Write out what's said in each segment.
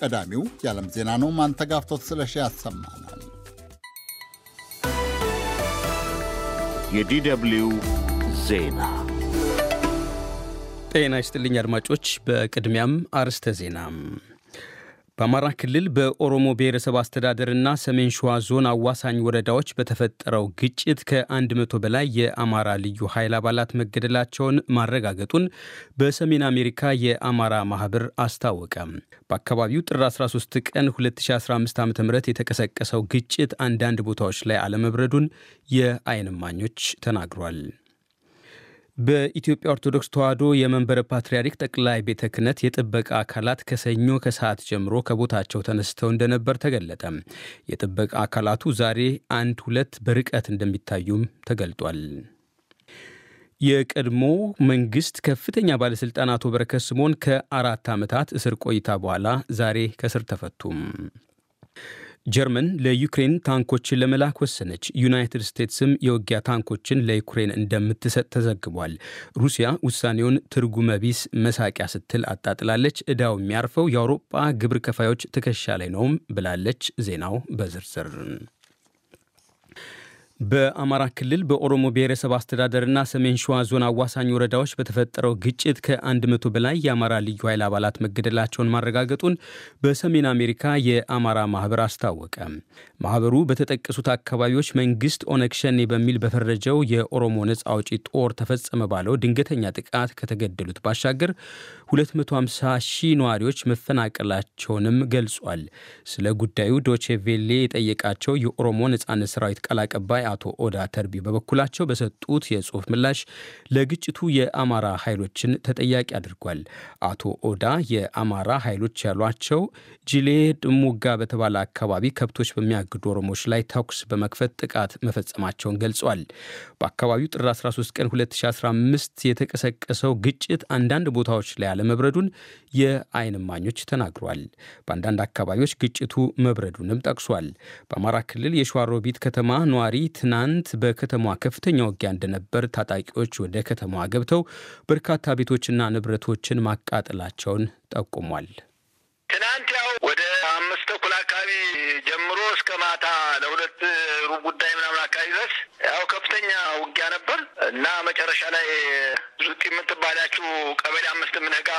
ቀዳሚው የዓለም ዜና ነው። ማንተጋፍቶት ስለሺ ያሰማናል። የዲደብልዩ ዜና ጤና ይስጥልኝ አድማጮች። በቅድሚያም አርስተ ዜና በአማራ ክልል በኦሮሞ ብሔረሰብ አስተዳደርና ሰሜን ሸዋ ዞን አዋሳኝ ወረዳዎች በተፈጠረው ግጭት ከ100 በላይ የአማራ ልዩ ኃይል አባላት መገደላቸውን ማረጋገጡን በሰሜን አሜሪካ የአማራ ማህበር አስታወቀ። በአካባቢው ጥር 13 ቀን 2015 ዓ ም የተቀሰቀሰው ግጭት አንዳንድ ቦታዎች ላይ አለመብረዱን የአይንማኞች ተናግሯል። በኢትዮጵያ ኦርቶዶክስ ተዋሕዶ የመንበረ ፓትርያርክ ጠቅላይ ቤተ ክህነት የጥበቃ አካላት ከሰኞ ከሰዓት ጀምሮ ከቦታቸው ተነስተው እንደነበር ተገለጠ። የጥበቃ አካላቱ ዛሬ አንድ ሁለት በርቀት እንደሚታዩም ተገልጧል። የቀድሞ መንግስት ከፍተኛ ባለሥልጣን አቶ በረከት ስምኦን ከአራት ዓመታት እስር ቆይታ በኋላ ዛሬ ከእስር ተፈቱም። ጀርመን ለዩክሬን ታንኮችን ለመላክ ወሰነች። ዩናይትድ ስቴትስም የውጊያ ታንኮችን ለዩክሬን እንደምትሰጥ ተዘግቧል። ሩሲያ ውሳኔውን ትርጉመ ቢስ መሳቂያ ስትል አጣጥላለች። ዕዳው የሚያርፈው የአውሮፓ ግብር ከፋዮች ትከሻ ላይ ነውም ብላለች። ዜናው በዝርዝር በአማራ ክልል በኦሮሞ ብሔረሰብ አስተዳደርና ሰሜን ሸዋ ዞን አዋሳኝ ወረዳዎች በተፈጠረው ግጭት ከ መቶ በላይ የአማራ ልዩ ኃይል አባላት መገደላቸውን ማረጋገጡን በሰሜን አሜሪካ የአማራ ማህበር አስታወቀ። ማህበሩ በተጠቀሱት አካባቢዎች መንግስት ኦነግ ሸኔ በሚል በፈረጀው የኦሮሞ ነጻ አውጪ ጦር ተፈጸመ ባለው ድንገተኛ ጥቃት ከተገደሉት ባሻገር 250 ሺህ ነዋሪዎች መፈናቀላቸውንም ገልጿል። ስለ ጉዳዩ ዶቼ ቬሌ የጠየቃቸው የኦሮሞ ነጻነት ሰራዊት ቃል አቀባይ አቶ ኦዳ ተርቢ በበኩላቸው በሰጡት የጽሁፍ ምላሽ ለግጭቱ የአማራ ኃይሎችን ተጠያቂ አድርጓል። አቶ ኦዳ የአማራ ኃይሎች ያሏቸው ጅሌ ድሙጋ በተባለ አካባቢ ከብቶች በሚያግዱ ኦሮሞዎች ላይ ተኩስ በመክፈት ጥቃት መፈጸማቸውን ገልጿል። በአካባቢው ጥር 13 ቀን 2015 የተቀሰቀሰው ግጭት አንዳንድ ቦታዎች ላይ አለመብረዱን የአይን እማኞች ተናግሯል። በአንዳንድ አካባቢዎች ግጭቱ መብረዱንም ጠቅሷል። በአማራ ክልል የሸዋሮቢት ከተማ ነዋሪ ትናንት በከተማዋ ከፍተኛ ውጊያ እንደነበር ታጣቂዎች ወደ ከተማዋ ገብተው በርካታ ቤቶችና ንብረቶችን ማቃጠላቸውን ጠቁሟል። ትናንት ያው ወደ አምስት ተኩል አካባቢ ጀምሮ እስከ ማታ ለሁለት ሩብ ጉዳይ ያው ከፍተኛ ውጊያ ነበር እና መጨረሻ ላይ ዙጢ የምትባላችሁ ቀበሌ አምስት ምንህቃ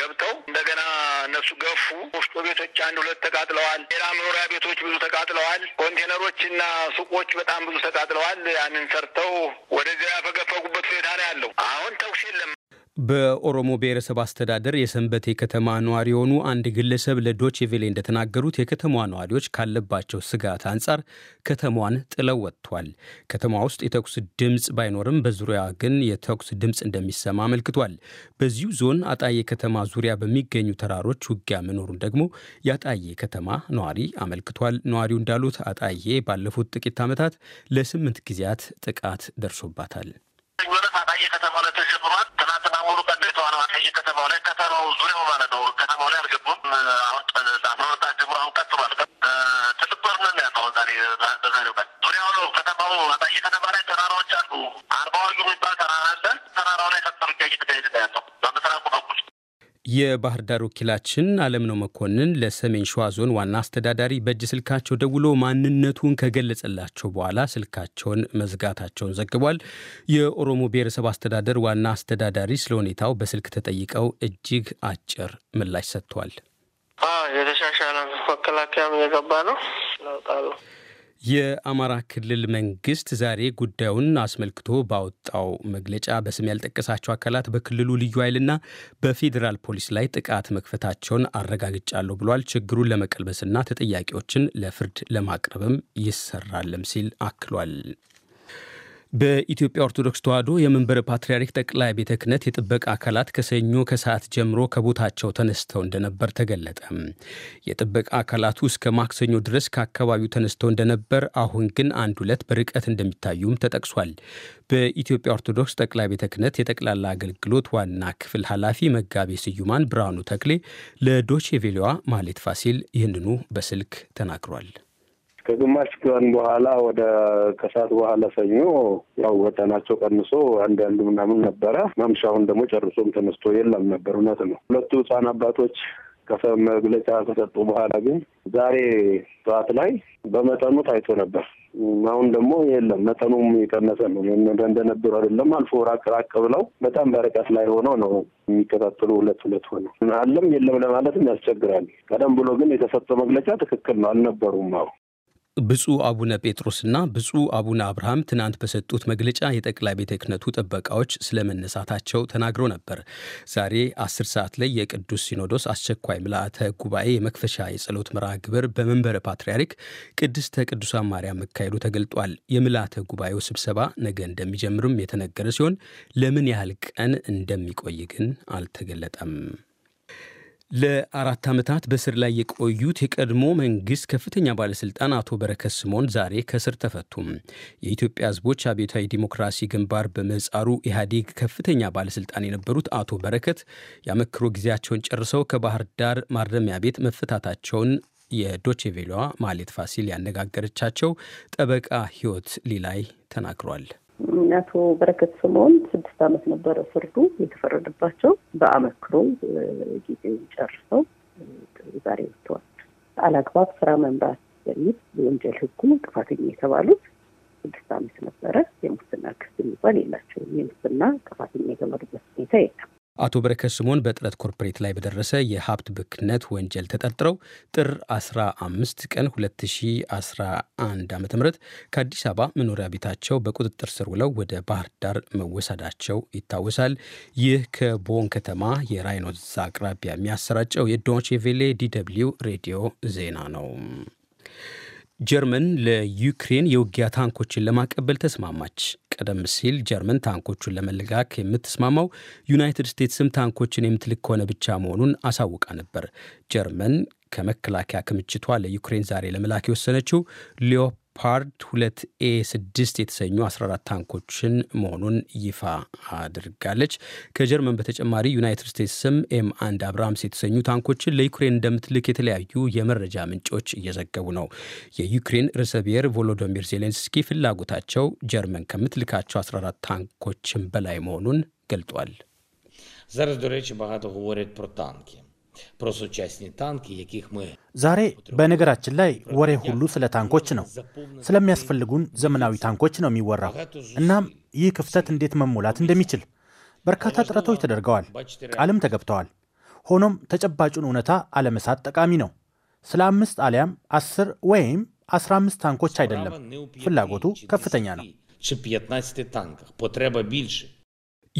ገብተው እንደገና እነሱ ገፉ። ውስጡ ቤቶች አንድ ሁለት ተቃጥለዋል። ሌላ መኖሪያ ቤቶች ብዙ ተቃጥለዋል። ኮንቴነሮች እና ሱቆች በጣም ብዙ ተቃጥለዋል። ያንን ሰርተው ወደዚያ ያፈገፈጉበት ሁኔታ ነው ያለው። አሁን ተኩስ የለም። በኦሮሞ ብሔረሰብ አስተዳደር የሰንበቴ ከተማ ነዋሪ የሆኑ አንድ ግለሰብ ለዶቼ ቬሌ እንደተናገሩት የከተማዋ ነዋሪዎች ካለባቸው ስጋት አንጻር ከተማዋን ጥለው ወጥቷል። ከተማ ውስጥ የተኩስ ድምፅ ባይኖርም በዙሪያ ግን የተኩስ ድምፅ እንደሚሰማ አመልክቷል። በዚሁ ዞን አጣዬ ከተማ ዙሪያ በሚገኙ ተራሮች ውጊያ መኖሩን ደግሞ የአጣዬ ከተማ ነዋሪ አመልክቷል። ነዋሪው እንዳሉት አጣዬ ባለፉት ጥቂት ዓመታት ለስምንት ጊዜያት ጥቃት ደርሶባታል። ተጀምሯል። ትናንትና ሙሉ ቀን የተዋለው አንደየ ከተማው ላይ ከተማው ዙሪያው ማለት ነው። ከተማው ላይ አልገቡም። አሁን አምሮታ ጀምሮ አሁን ቀጥሏል። ትልቅ ጦርነት ነው ያለው ዛሬ በዛሬው ቀን ዙሪያው ነው ከተማው ከተማ ላይ ተራራዎች አሉ። አርባ የሚባል ተራራ አለ። ተራራው ላይ ሰጠሩ እያየ የባህር ዳር ወኪላችን አለምነው መኮንን ለሰሜን ሸዋ ዞን ዋና አስተዳዳሪ በእጅ ስልካቸው ደውሎ ማንነቱን ከገለጸላቸው በኋላ ስልካቸውን መዝጋታቸውን ዘግቧል። የኦሮሞ ብሔረሰብ አስተዳደር ዋና አስተዳዳሪ ስለ ሁኔታው በስልክ ተጠይቀው እጅግ አጭር ምላሽ ሰጥቷል። የተሻሻለ መከላከያም የገባ ነው። የአማራ ክልል መንግስት ዛሬ ጉዳዩን አስመልክቶ ባወጣው መግለጫ በስም ያልጠቀሳቸው አካላት በክልሉ ልዩ ኃይልና በፌዴራል ፖሊስ ላይ ጥቃት መክፈታቸውን አረጋግጫለሁ ብሏል። ችግሩን ለመቀልበስና ተጠያቂዎችን ለፍርድ ለማቅረብም ይሰራልም ሲል አክሏል። በኢትዮጵያ ኦርቶዶክስ ተዋሕዶ የመንበረ ፓትርያርክ ጠቅላይ ቤተ ክህነት የጥበቃ አካላት ከሰኞ ከሰዓት ጀምሮ ከቦታቸው ተነስተው እንደነበር ተገለጠ። የጥበቃ አካላቱ እስከ ማክሰኞ ድረስ ከአካባቢው ተነስተው እንደነበር፣ አሁን ግን አንድ ሁለት በርቀት እንደሚታዩም ተጠቅሷል። በኢትዮጵያ ኦርቶዶክስ ጠቅላይ ቤተ ክህነት የጠቅላላ አገልግሎት ዋና ክፍል ኃላፊ መጋቤ ስዩማን ብርሃኑ ተክሌ ለዶቼ ቬሌዋ ማሌት ፋሲል ይህንኑ በስልክ ተናግሯል። ከግማሽ ቀን በኋላ ወደ ከሰዓት በኋላ ሰኞ ያው ወጠናቸው ቀንሶ አንድ አንዱ ምናምን ነበረ። መምሻውን ደግሞ ጨርሶም ተነስቶ የለም ነበር። እውነት ነው። ሁለቱ ህፃን አባቶች መግለጫ ከሰጡ በኋላ ግን ዛሬ ጠዋት ላይ በመጠኑ ታይቶ ነበር። አሁን ደግሞ የለም መጠኑም የቀነሰ ነው። እንደነበሩ አይደለም። አልፎ ራቅ ራቅ ብለው በጣም በርቀት ላይ ሆነው ነው የሚከታተሉ። ሁለት ሁለት ሆነው አለም የለም ለማለትም ያስቸግራል። ቀደም ብሎ ግን የተሰጠው መግለጫ ትክክል ነው። አልነበሩም አሁ ብፁዕ አቡነ ጴጥሮስና ብፁዕ አቡነ አብርሃም ትናንት በሰጡት መግለጫ የጠቅላይ ቤተ ክህነቱ ጥበቃዎች ስለመነሳታቸው ተናግሮ ነበር። ዛሬ አስር ሰዓት ላይ የቅዱስ ሲኖዶስ አስቸኳይ ምልአተ ጉባኤ የመክፈሻ የጸሎት መርሃ ግብር በመንበረ ፓትርያርክ ቅድስተ ቅዱሳን ማርያም መካሄዱ ተገልጧል። የምልአተ ጉባኤው ስብሰባ ነገ እንደሚጀምርም የተነገረ ሲሆን ለምን ያህል ቀን እንደሚቆይ ግን አልተገለጠም። ለአራት ዓመታት በስር ላይ የቆዩት የቀድሞ መንግስት ከፍተኛ ባለስልጣን አቶ በረከት ስምኦን ዛሬ ከስር ተፈቱም። የኢትዮጵያ ሕዝቦች አብዮታዊ ዲሞክራሲ ግንባር በመጻሩ ኢህአዴግ ከፍተኛ ባለስልጣን የነበሩት አቶ በረከት ያመክሮ ጊዜያቸውን ጨርሰው ከባህር ዳር ማረሚያ ቤት መፈታታቸውን የዶቼ ማሌት ፋሲል ያነጋገረቻቸው ጠበቃ ህይወት ሊላይ ተናግሯል። አቶ በረከት ስምኦን ስድስት አመት ነበረ ፍርዱ የተፈረደባቸው። በአመክሮ ጊዜው ጨርሰው ዛሬ ወጥተዋል። አላግባብ ስራ መምራት በሚል የወንጀል ህጉ ጥፋተኛ የተባሉት ስድስት አመት ነበረ። የሙስና ክስ የሚባል የላቸውም። የሙስና ጥፋተኛ የተባሉበት ሁኔታ የለም። አቶ በረከት ስምኦን በጥረት ኮርፖሬት ላይ በደረሰ የሀብት ብክነት ወንጀል ተጠርጥረው ጥር 15 ቀን 2011 ዓ ም ከአዲስ አበባ መኖሪያ ቤታቸው በቁጥጥር ስር ውለው ወደ ባህር ዳር መወሰዳቸው ይታወሳል። ይህ ከቦን ከተማ የራይን አቅራቢያ የሚያሰራጨው የዶችቬሌ ቬሌ ዲደብሊው ሬዲዮ ዜና ነው። ጀርመን ለዩክሬን የውጊያ ታንኮችን ለማቀበል ተስማማች። ቀደም ሲል ጀርመን ታንኮቹን ለመለጋክ የምትስማማው ዩናይትድ ስቴትስም ታንኮችን የምትልክ ከሆነ ብቻ መሆኑን አሳውቃ ነበር። ጀርመን ከመከላከያ ክምችቷ ለዩክሬን ዛሬ ለመላክ የወሰነችው ሊዮፓ ሌፓርድ 2 ኤ 6 የተሰኙ 14 ታንኮችን መሆኑን ይፋ አድርጋለች። ከጀርመን በተጨማሪ ዩናይትድ ስቴትስም ኤም አንድ አብራምስ የተሰኙ ታንኮችን ለዩክሬን እንደምትልክ የተለያዩ የመረጃ ምንጮች እየዘገቡ ነው። የዩክሬን ርዕሰ ብሔር ቮሎዶሚር ዜሌንስኪ ፍላጎታቸው ጀርመን ከምትልካቸው 14 ታንኮችን በላይ መሆኑን ገልጧል። Зараз, до речі, багато ዛሬ በነገራችን ላይ ወሬ ሁሉ ስለ ታንኮች ነው፣ ስለሚያስፈልጉን ዘመናዊ ታንኮች ነው የሚወራው። እናም ይህ ክፍተት እንዴት መሞላት እንደሚችል በርካታ ጥረቶች ተደርገዋል፣ ቃልም ተገብተዋል። ሆኖም ተጨባጩን እውነታ አለመሳት ጠቃሚ ነው። ስለ አምስት አሊያም አስር ወይም አስራ አምስት ታንኮች አይደለም፣ ፍላጎቱ ከፍተኛ ነው።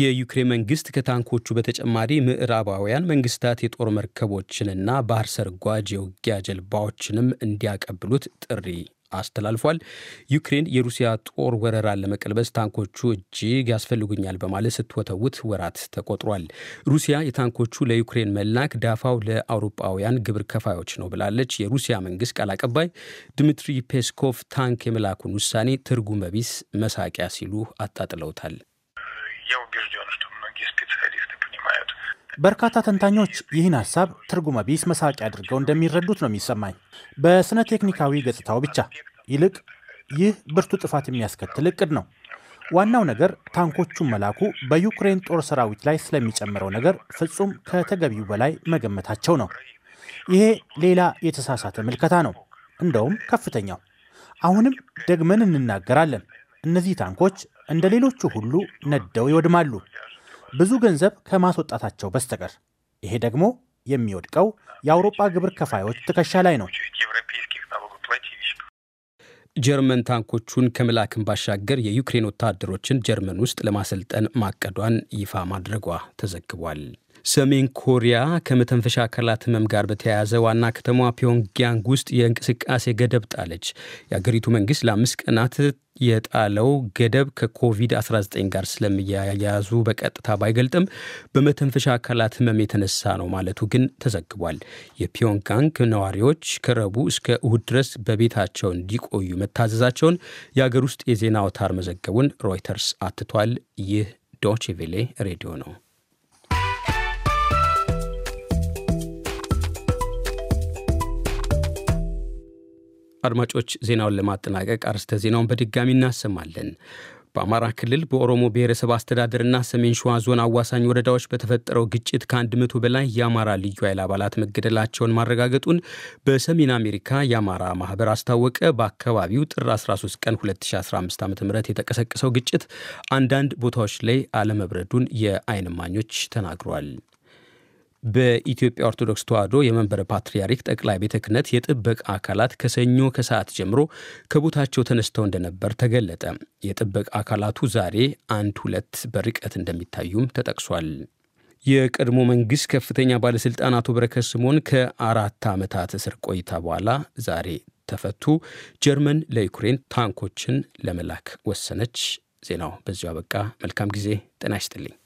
የዩክሬን መንግስት ከታንኮቹ በተጨማሪ ምዕራባውያን መንግስታት የጦር መርከቦችንና ባህር ሰርጓጅ የውጊያ ጀልባዎችንም እንዲያቀብሉት ጥሪ አስተላልፏል። ዩክሬን የሩሲያ ጦር ወረራን ለመቀልበስ ታንኮቹ እጅግ ያስፈልጉኛል በማለት ስትወተውት ወራት ተቆጥሯል። ሩሲያ የታንኮቹ ለዩክሬን መላክ ዳፋው ለአውሮፓውያን ግብር ከፋዮች ነው ብላለች። የሩሲያ መንግስት ቃል አቀባይ ድሚትሪ ፔስኮቭ ታንክ የመላኩን ውሳኔ ትርጉም ቢስ መሳቂያ ሲሉ አጣጥለውታል። я убежден, что многие специалисты понимают. በርካታ ተንታኞች ይህን ሀሳብ ትርጉመ ቢስ መሳቂያ አድርገው እንደሚረዱት ነው የሚሰማኝ። በስነ ቴክኒካዊ ገጽታው ብቻ ይልቅ ይህ ብርቱ ጥፋት የሚያስከትል እቅድ ነው። ዋናው ነገር ታንኮቹን መላኩ በዩክሬን ጦር ሰራዊት ላይ ስለሚጨምረው ነገር ፍጹም ከተገቢው በላይ መገመታቸው ነው። ይሄ ሌላ የተሳሳተ ምልከታ ነው፣ እንደውም ከፍተኛው። አሁንም ደግመን እንናገራለን፣ እነዚህ ታንኮች እንደ ሌሎቹ ሁሉ ነደው ይወድማሉ ብዙ ገንዘብ ከማስወጣታቸው በስተቀር። ይሄ ደግሞ የሚወድቀው የአውሮፓ ግብር ከፋዮች ትከሻ ላይ ነው። ጀርመን ታንኮቹን ከምላክን ባሻገር የዩክሬን ወታደሮችን ጀርመን ውስጥ ለማሰልጠን ማቀዷን ይፋ ማድረጓ ተዘግቧል። ሰሜን ኮሪያ ከመተንፈሻ አካላት ህመም ጋር በተያያዘ ዋና ከተማ ፒዮንግያንግ ውስጥ የእንቅስቃሴ ገደብ ጣለች። የአገሪቱ መንግስት ለአምስት ቀናት የጣለው ገደብ ከኮቪድ-19 ጋር ስለሚያያዙ በቀጥታ ባይገልጥም በመተንፈሻ አካላት ህመም የተነሳ ነው ማለቱ ግን ተዘግቧል። የፒዮንጋንግ ነዋሪዎች ከረቡዕ እስከ እሁድ ድረስ በቤታቸው እንዲቆዩ መታዘዛቸውን የአገር ውስጥ የዜና አውታር መዘገቡን ሮይተርስ አትቷል። ይህ ዶችቬሌ ሬዲዮ ነው። አድማጮች ዜናውን ለማጠናቀቅ አርስተ ዜናውን በድጋሚ እናሰማለን። በአማራ ክልል በኦሮሞ ብሔረሰብ አስተዳደርና ሰሜን ሸዋ ዞን አዋሳኝ ወረዳዎች በተፈጠረው ግጭት ከአንድ መቶ በላይ የአማራ ልዩ ኃይል አባላት መገደላቸውን ማረጋገጡን በሰሜን አሜሪካ የአማራ ማህበር አስታወቀ። በአካባቢው ጥር 13 ቀን 2015 ዓ ም የተቀሰቀሰው ግጭት አንዳንድ ቦታዎች ላይ አለመብረዱን የአይንማኞች ተናግሯል። በኢትዮጵያ ኦርቶዶክስ ተዋሕዶ የመንበረ ፓትርያርክ ጠቅላይ ቤተ ክህነት የጥበቃ አካላት ከሰኞ ከሰዓት ጀምሮ ከቦታቸው ተነስተው እንደነበር ተገለጠ። የጥበቃ አካላቱ ዛሬ አንድ ሁለት በርቀት እንደሚታዩም ተጠቅሷል። የቀድሞ መንግሥት ከፍተኛ ባለሥልጣን አቶ በረከት ስምዖን ከአራት ዓመታት እስር ቆይታ በኋላ ዛሬ ተፈቱ። ጀርመን ለዩክሬን ታንኮችን ለመላክ ወሰነች። ዜናው በዚሁ አበቃ። መልካም ጊዜ። ጤና ይስጥልኝ።